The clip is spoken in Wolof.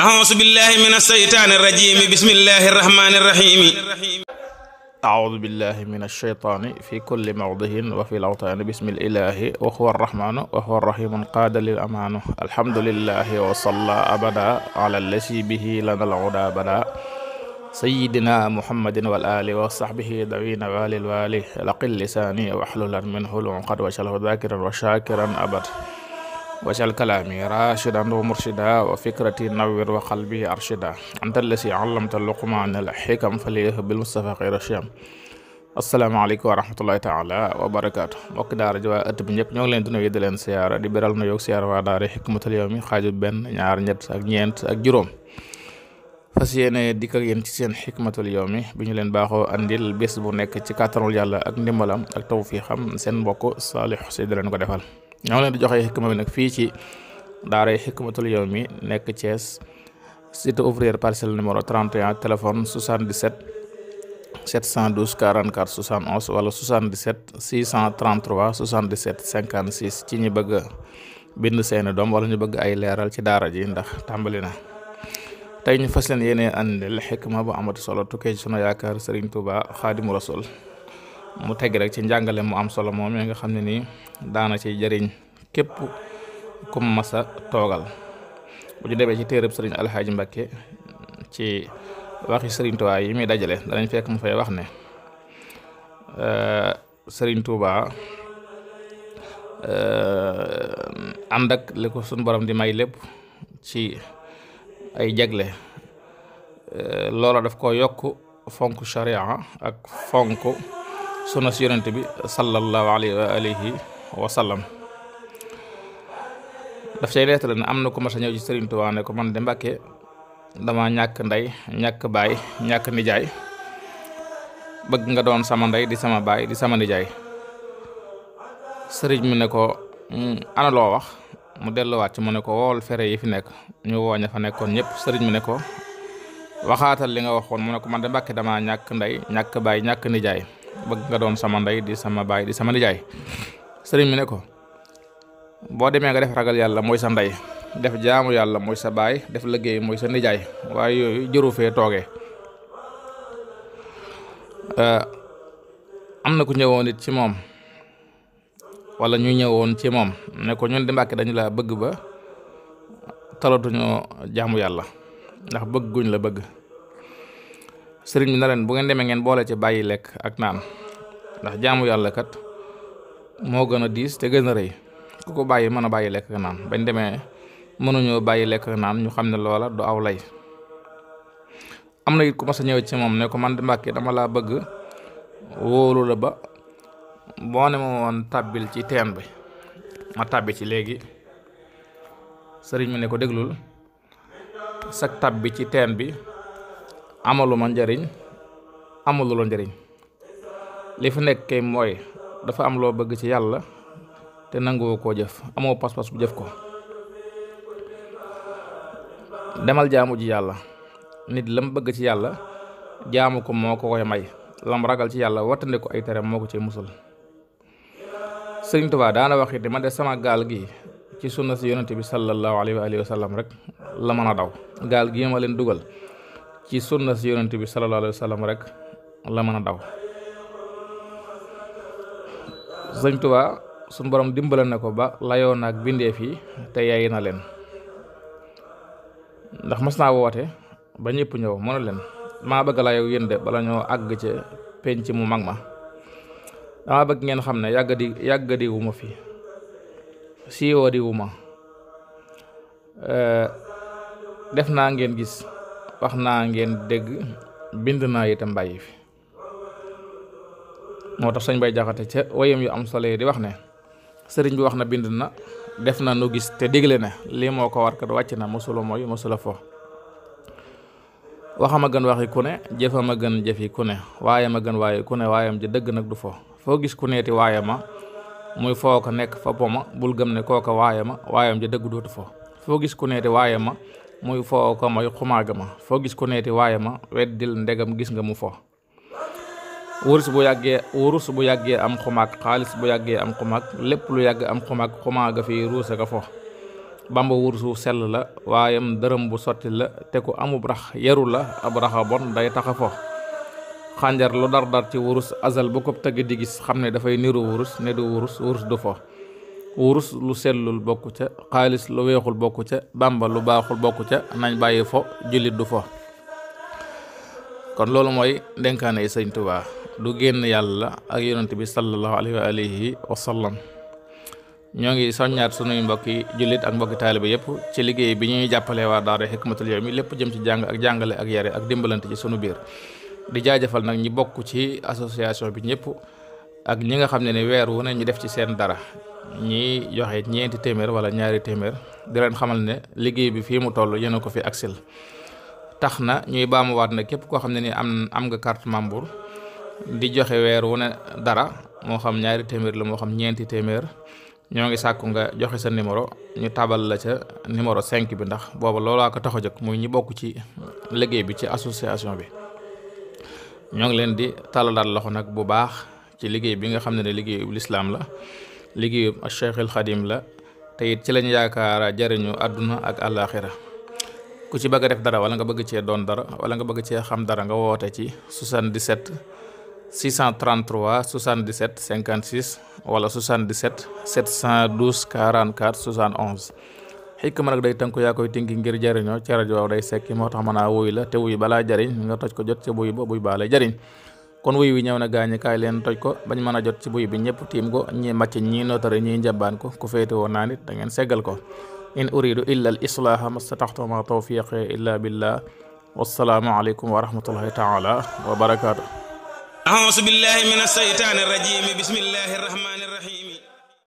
أعوذ بالله من الشيطان الرجيم بسم الله الرحمن الرحيم أعوذ بالله من الشيطان في كل موضع وفي الأوطان بسم الإله وهو الرحمن وهو الرحيم قاد للأمان الحمد لله وصلى أبدا على الذي به لنا العدا بدا سيدنا محمد والآل وصحبه دوين والي الوالي لقل لساني واحلل منه العقد وشله ذاكرا وشاكرا أبدا wajal kalaami rashidan wa murshida wa fikrati nawwir wa qalbi arshida anta allasi allamta luqmaana al xikam faliyah bil mustafa xayra shiyam asalaamaaleykum wa rahmatullahi taala wa barakaatu mbokki daara ji bi ñëpp ñoo ngi leen di nuyu di leen siyaara di beral nuyoo siyaara waa daara Hikmatul Yawmi xaaju benn ñaar ñett ak ñeent ak juróom fas yéene dikk yen ci seen Hikmatul Yawmi bi ñu leen baaxoo andil bés bu nekk ci kàttanul yàlla ak ndimbalam ak tawfiixam seen mbokk Saalix si leen ko defal ñoo leen di joxe xikma bi nag fii ci daaray xikmatul mi nekk cees cité ouvrière parcelle numéro 31 téléphone 77 712 44 71 wala 77 633 77 ci ñi bëgg bind seeni doom wala ñu bëgg ay leeral ci daara ji ndax tàmbali na tey ñu fas leen yéene andil xikma bu amati solo tukkee ci sunu yaakaar Serigne Touba Xaadimu Rasul mu teg rek ci njàngale mu am solo moom nga xam ne nii daana ci jariñ képp ku mas a toogal bu ñu demee ci téereb sëriñ alxaaji Mbàkke ci waxi sëriñ Tuubaa yi muy dajale danañ fekk mu fay wax ne euh, sëriñ Tuubaa euh, ànd suñ borom di may lépp ci ay jagle euh, loola daf ko yokk fonk charia ak fonk sunna si yonent bi sallallahu alayhi wa alihi wa sallam daf cay leetal ne am na ku mas a ñëw ci Sëriñ Tuubaa ne ko man de Mbàkke dama ñàkk ndey ñàkk baay ñàkk nijaay bëgg nga doon sama ndey di sama baay di sama nijaay sëriñ mi ne ko hmm, ana wax mu delluwaat ci mu ne ko wool yi fi nekk ñu woo fa nekkoon ñëpp sëriñ mi ne ko waxaatal li nga waxoon mu ne ko man de Mbàkke dama ñàkk ñàkk baay ñàkk nijaay bëgg nga doon sama ndey di sama baay di sama nijaay sëriñ bi ne ko boo demee nga def ragal yàlla mooy sa ndey def jaamu yàlla mooy sa baay def liggéey mooy sa nijaay waaye yooyu jëru fee tooge eh, am na ku ñëwoon it ci moom wala ñuy ñëwoon ci moom ne ko ñun di Mbàkke dañu la bëgg ba talatuñoo jaamu yàlla ndax bëgguñ la bëgg sëriñ bi na leen bu ngeen demee ngeen boole ci bàyyi lekk ak naan ndax jaamu yàlla kat moo gën a diis te gën a rëy ku ko bàyyi mën a bàyyi lekk ak naan bañ demee mënuñoo bàyyi lekk ak naan ñu xam ne loola du aw lay am na it ku ma sa ñëwee ci moom ne ko man di Mbàkke dama laa bëgg wóolu la ba boo ne ma woon tàbbil ci teen bi ma tàbbi ci léegi sëriñ mi ne ko déglul sag tàbbi ci teen bi amaluma njariñ amalu njariñ li fi nekk kay mooy dafa am loo bëgg ci yàlla te nanguwoo koo jëf amoo pas-pas bu jëf ko demal jaamu ji yàlla nit lam bëgg ci yàlla jaamu ko moo ko koy may lam ragal ci yàlla wattandi ko ay tere moo ko ci musal sëriñ Tuubaa daana wax it ma de sama gaal gi ci sunna si yonente bi sallallahu alayhi wa alihi wa rek la mën a daw gaal gi ma leen dugal ci sunna si yonent bi sallallahu alayhi rek la mën a daw sëñ Tuubaa suñ borom dimbale na ko ba layoon ak bindeef fii te yaay na leen ndax mas naa woote ba ñëpp ñëw mënu leen maa bëgg la yow yéen de bala ñoo àgg ca penc mu mag ma dama bëgg ngeen xam ne yàgg di yàgg fi siiwoo ma def naa ngeen gis wax naa ngeen dégg bind naa itam bàyyi fi moo tax sëñ bay jaxate ca woyam yu am solo di wax ne sëriñ bi wax na bind na def na nu gis te dégle na lii moo ko war kat wàcc na mosula mooy mosula fo waxama gën waxi ku ne jëfama gën jëfi ku ne waaye waayama gën waaye ku ne waayam ji dëgg nag du fo foo gis ku neeti waayama muy foo ko nekk fa poma bul gëm ne kooka waayama waayam ji dëgg dootu fo foo gis ku neeti waayama muy foo ko mooy xumaaga ma foo gis ku neeti waaye ma weddil ndegam gis nga mu fo wurus bu yàggee wurus bu yàggee am xumaag xaalis bu yàggee am xumaag lépp lu yàgg am xumaag xumaaga fi ruus ka fo bamba wursu sell la waayam dërëm bu sotti la te ku amub rax yaru la ab raxa bon day taxa fo xànjar lu dar dar ci wurus azal bu ko tëgg di gis xam ne dafay niru wurus ne du wurus wurus du fo wurus lu sellul bokku ca xaalis lu weexul bokku ca bàmba lu baaxul bokku ca nañ bàyyi fo jullit du fo kon loolu mooy dénkaane yi sëñ Tuubaa du génn yàlla ak yonent bi sallallahu alayhi wa alihi wa sallam ñoo ngi soññaat sunuy mbokki jullit ak mbokki taaliba yëpp ci liggéey bi ñuy jàppale waa daara Hikmatul Yawmi lépp jëm ci jàng ak jàngale ak yare ak dimbalante ci sunu biir di jaajëfal nag ñi bokk ci association bi ñëpp ak ñi nga xam ne ne weer wu ne ñu def ci seen dara ñi joxe ñeenti téeméer wala ñaari téeméer di leen xamal ne liggéey bi fii mu toll yéen ko fi aksil tax na ñuy baamuwaat na képp koo xam ne ni am am nga carte membre di joxe weer wu ne dara moo xam ñaari téeméer la moo xam ñeenti téeméer ñoo ngi sàkku nga joxe sa numéro ñu tabal la ca numéro cinq bi ndax booba loolaa ko tax a jóg muy ñi bokk ci liggéey bi ci association bi ñoo ngi leen di talalaat ci liggéey bi nga xam ne ne liggéeyu lislaam la liggéeyu Cheikhul Xadim la te it ci lañ yaakaara jariñu àdduna ak àllaaxira ku ci bëgg a def dara wala nga bëgg cee doon dara wala nga bëgg cee xam dara nga woote ci 77 633 77 56 wala 77 712 44 71. xikma nag day tënku yaa koy tinki ngir jariñoo ci rajo waaw day sekki moo tax mën a wuy la te wuy balaa jariñ nga toj ko jot ci buy baa lay jariñ kon wuy wi ñëw na gaañi kaay leen toj ko bañ mën a jot ci buy bi ñëpp tiim ko ñi màcc ñi notari ñi njabaan ko ku féete woon naa nit seggal ko in uridu illa al islaaha mastataxtu ma tawfiqi illa billah wassalaamu aleykum wa taala wa barakaatu auzu billahi min alseytaani bismillahi arrahmani arrahim